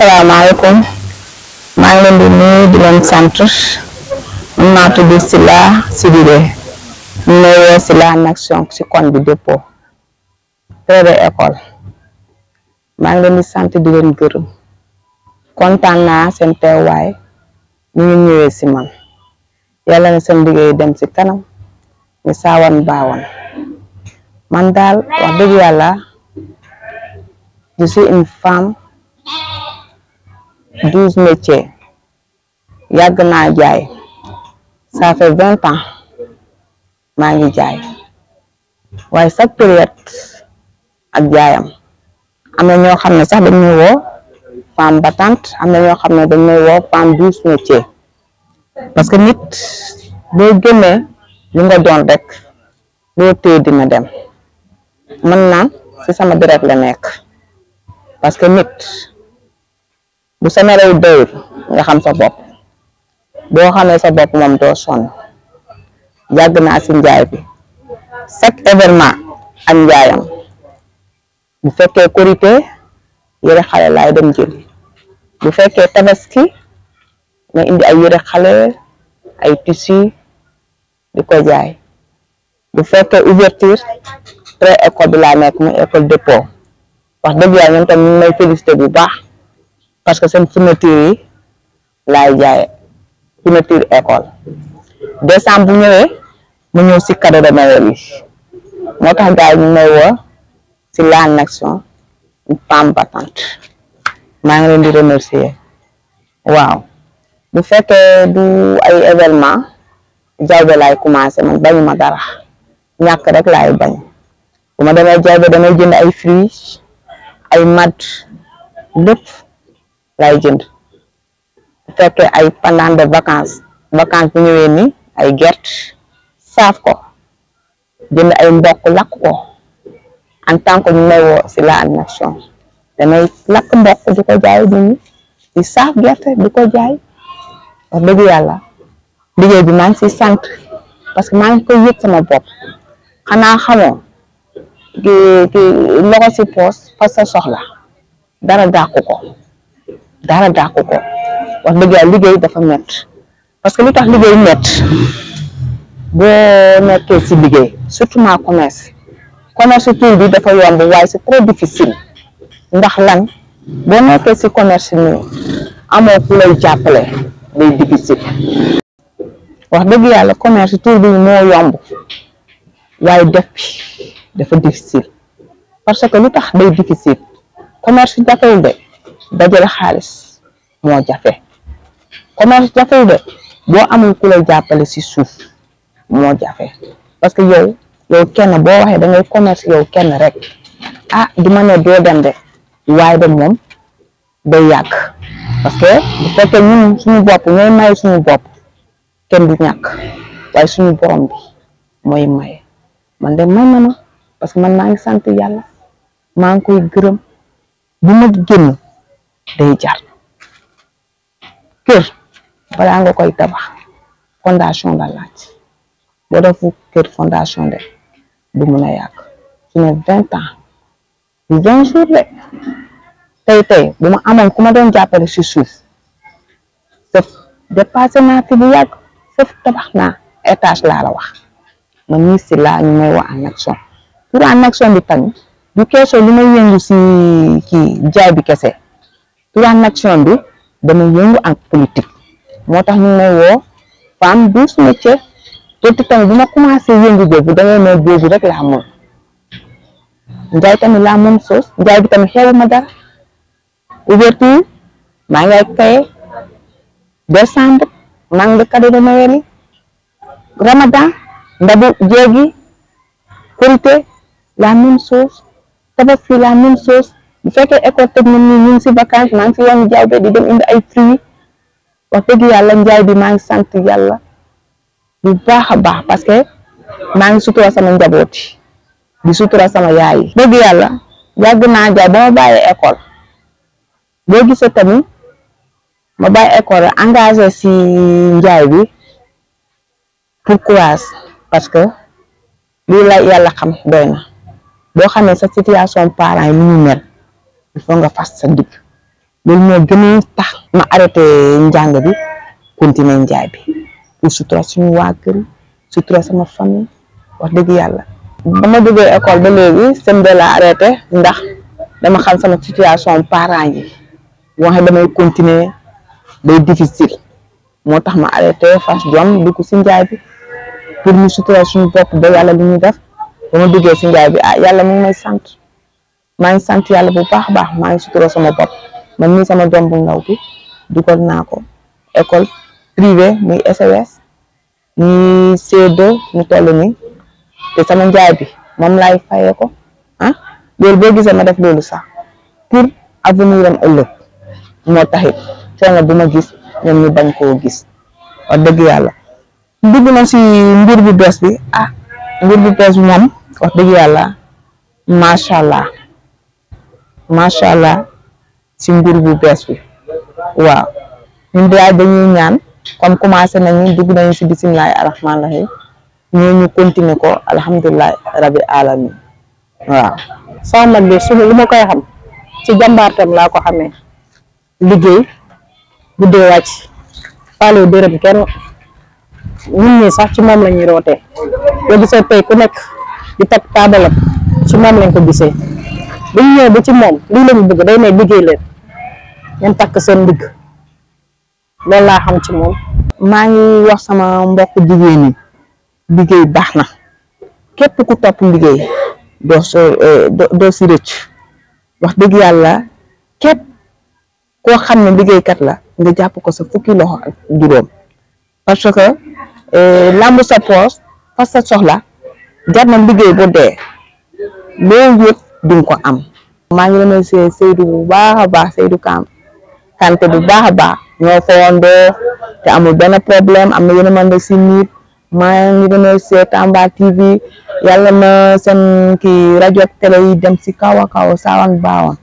assalamualaikum maa ngi leen di nuyu di len sant man maa tudd Sila Sidibé ñu ngi woo Sila nak action ci kon bi dépôt près de école maa ngi leen di sant di leen gërëm kontaan naa seen teewaay ñu ngi ñëwee ci man yalla na sen liggéey dem ci kanam ni sawan bawon man dal wax deug yalla je suis une femme. douze métiers yàgg naa jaay ça fait vingt ans maa jaay waaye chaque période ak jaayam am na ñoo xam ne sax dañ may woo femme battante na ñoo xam ne dañ may woo femme douze métiers parce que nit boo génnee li doon rek loo téye dina dem mën naa ci sama deret la nekk parce que nit bu sa nelaw nga xam sa bopp boo xamee sa bopp moom doo sonn yàgg naa si njaay bi chaque événement ak njaayam bu fekkee korité yére xale laay dem jël bu fekkee tabaski na indi ay yére xale ay tissu di ko jaay bu fekkee ouverture pré école bi laa nekk muy école dépôt wax dëgg yàlla ñoom tam ñu may félicité bu baax parce que seen fourniture yi laay jaaye fourniture école décembre bu ñëwee mu ñëw ci cadeau de Noël yi moo tax gars ñu may woo si la nation une femme battante ma ngi leen di remercier waaw bu fekkee du ay événement jawbe lay commencé man bañu ma dara ñak rek lay bañ bu ma demee jawbe damay jënd ay fruits ay mat lepp lay jënd bu fekkee ay pendant de vacances vacances bu ñëwé ni ay gert saaf ko jënd ay mbokk lakk ko en tant que ñu may woo si la animation damay lakk mbokk di ko jaay nit ni di saaf gert di ko jaay wax dëgg yalla liggéey bi maa ci siy parce que maa ngi koy yëg sama bop xana xamo ki ki loxo ci poos fa sa soxla dara dàqu ko dara dàqu ko wax dëgg yàlla liggéey dafa métti parce que lu tax liggéey métti boo nekkee si liggéey surtout ma commerce commerce tur bi dafa yomb waaye c'est très difficile ndax lan boo nekkee si commerce ni amoo ku lay jàppale day difficile wax dëgg yàlla commerce tur bi moo yomb waaye def bi dafa difficile parce que lu tax day difficile commerce dafay de dajale xaalis moo jafe commerce jafewul de boo amul ku la jàppale si suuf moo jafe parce que yow yow kenn boo waxee da ngay commerce yow kenn rek ah du ma ne doo dem de waaye de moom day yàgg parce que bu fekkee ñun suñu bopp ñooy may suñu bopp kenn du ñàkk waaye suñu borom bi mooy may man de may na parce que man maa ngi sant yàlla maa ngi koy gërëm bu ma génn day jar kër balaa nga koy tabax fondation la laaj boo defu kër fondation de du mun a yàgg su ne vingt ans du vingt jours de tey tey bu ma amoon ku ma doon jàppale si suuf sëf dépassé naa fi bu yàgg sëf tabax naa étage laa la wax ma ministre laa ñu may wax annexion pour annexion bi tamit du keesoo li may yëngu si kii jaay bi kese plan action bi dama yëngu ak politique moo tax ñu may woo femme du métier politique tamit bu ma commencé yëngu boobu da ngay may boobu rek la xamoon njaay tamit la moom ouverture maa ngay kaye décembre maa ngi ramadan ndabu jéegi korité la même chose tabaski la bu fekke école tek ñun ñu ci vacances vacance maa yoon jaay be di dem indi ay fruits wax deug yalla njaay bi ma ngi sante yalla bu baaxa baax parce que ma ngi sutura sama njaboot di sutura sama yaay deug yalla yag na jaay ba baye école bo gisse tammi ma baye école engagé si njaay bi pour courage parce que li la yalla xam doyna bo xamé sa situation parents ni ñu mel il faut nga fas sa digg loolu moo gën a tax ma arrêté njàng bi continuer njaay bi pour sutura suñu waa kër sutura sama famille wax dëgg yàlla. ba ma duggee école ba léegi seen la arrêté ndax dama xam sama situation parents yi waxe damay continuer day difficile moo tax ma arrêté fas jom dugg si njaay bi pour ñu sutura suñu bopp ba yàlla li ñuy def ba ma duggee si njaay bi ah yàlla mi may sant. may sant yalla bu baax baax may ngi sutura sama bop man ni sama dombu ndaw bi dugal nako école privée muy SES ni C2 mu toll nii te sama njaay bi mom lay fayé ko han ah, lool bo gisé ma def lolu sax pour avenirum am mo taxé té coono buma gis ñom ñu bañ ko gis wa dëgg yalla dugg na ci mbir bu bees bi ah mbir bu bees bi ñam wax dëgg yalla macha allah. macha allah si nguur bu bees bi waaw ñun daal dañuy ñaan comme commencé nañu dugg nañu si bisimilah arrahmaan rahim ñoo ñu continuer ko alhamdulilah rabi alamin waaw. sama mag bi su lu koy xam ci jàmbaartam laa ko xamee liggéey guddee wàcc faale dërëm kenn ñun ñi sax ci moom la ñuy rootee boo gisee tey ku nekk di teg taabalam ci moom lañ ko gisee. bu ñu ba ci moom lii lañu bëgg day ne liggéey leen ngeen takk seen ndigg loolu laa xam ci moom maa ngi wax sama mbokk jigéen ñi liggéey baax na képp ku topp liggéey eh, doo si rëcc wax dëgg yàlla képp koo xam ne liggéeykat la nga jàpp ko sa fukki loxo ak juróom parce que eh, làmb sa poos fas sa soxla jar na liggéey bu dee loo yëg di nga am maa ngi remercier Seydou bu baax a baax Seydou Kam tante bu baax a baax ñoo fowandoo te amul benn problème am na yéen a mën si nit maa ngi remercier Tamba TV yàlla na seen kii rajo télé yi dem si kaw a kaw saawan baawan